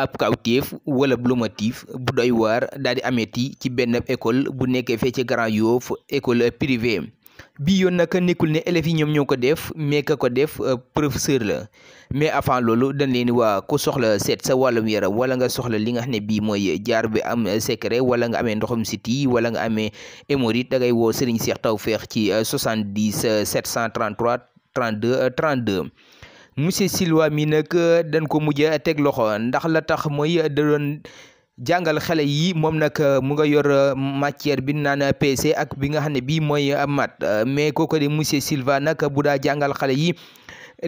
ab kawteef wala lu motif bu doy waar daal di ti ci benn école bu nekkee fee ci Grand Yoff école privée bi yoon nag nekkul ne élèves yi ñoom ñoo ko def mais ka ko def euh, professeur la mais avant loolu dañ leen waa ku soxla seet sa wàllum yaram wala nga soxla li nga xam ne bii mooy jaar bi am secret wala nga amee ndoxum ti wala nga amee hémorroïde da ngay woo seex Cheikh feex ci 70 733 32 32 monsieur Silva mi nag euh, dan ko mujj a teg loxo ndax la tax mooy euh, da doon jàngal xale yi moom nag euh, mu nga yor matière bi naan PC ak bi nga xam ne bii mooy mat mais ko de monsieur Silva nag bu daa jàngal xale yi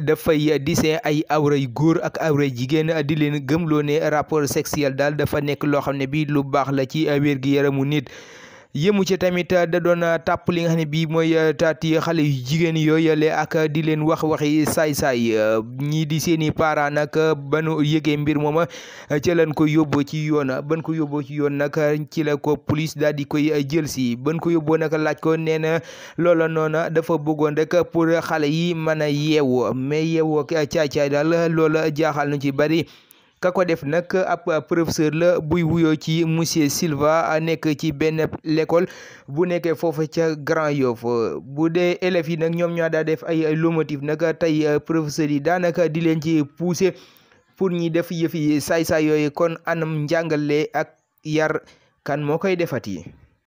dafay disin ay awray góor ak awray jigéen di leen gëmloo ne rapport sexuel daal dafa nekk loo xam ne bii lu baax la ci wér-gi-yaramu nit yëmu ci tamit euh, da doon euh, tapp li nga xam ne bii mooy euh, taati xale yu jigéen yooyu le ak di leen wax waxi saay-saay ñii di seen i parents nag ba yëgee mbir mooma ca lañ ko yóbboo ci yoon ban ko yóbboo ci yoon nag ci la ko police daal di koy jël si ban ko yóbboo nag laaj ko nee na loola noona dafa bëggoon rek pour xale yi mën a yeewu mais yeewoo caay-caay daal loola jaaxal nu ci bari kako def nag ab professeur la buy wuyoo ci monsieur Silva nekk ci benn l'école bu nekkee foofu ca Grand Yoff bu dee élèves yi nag ñoom ñoo daa def ay lomotif nag tey professeur yi daanaka di leen ci pousser pour ñi def yëfi say saay yooyu kon anam njàngale ak yar kan moo koy defati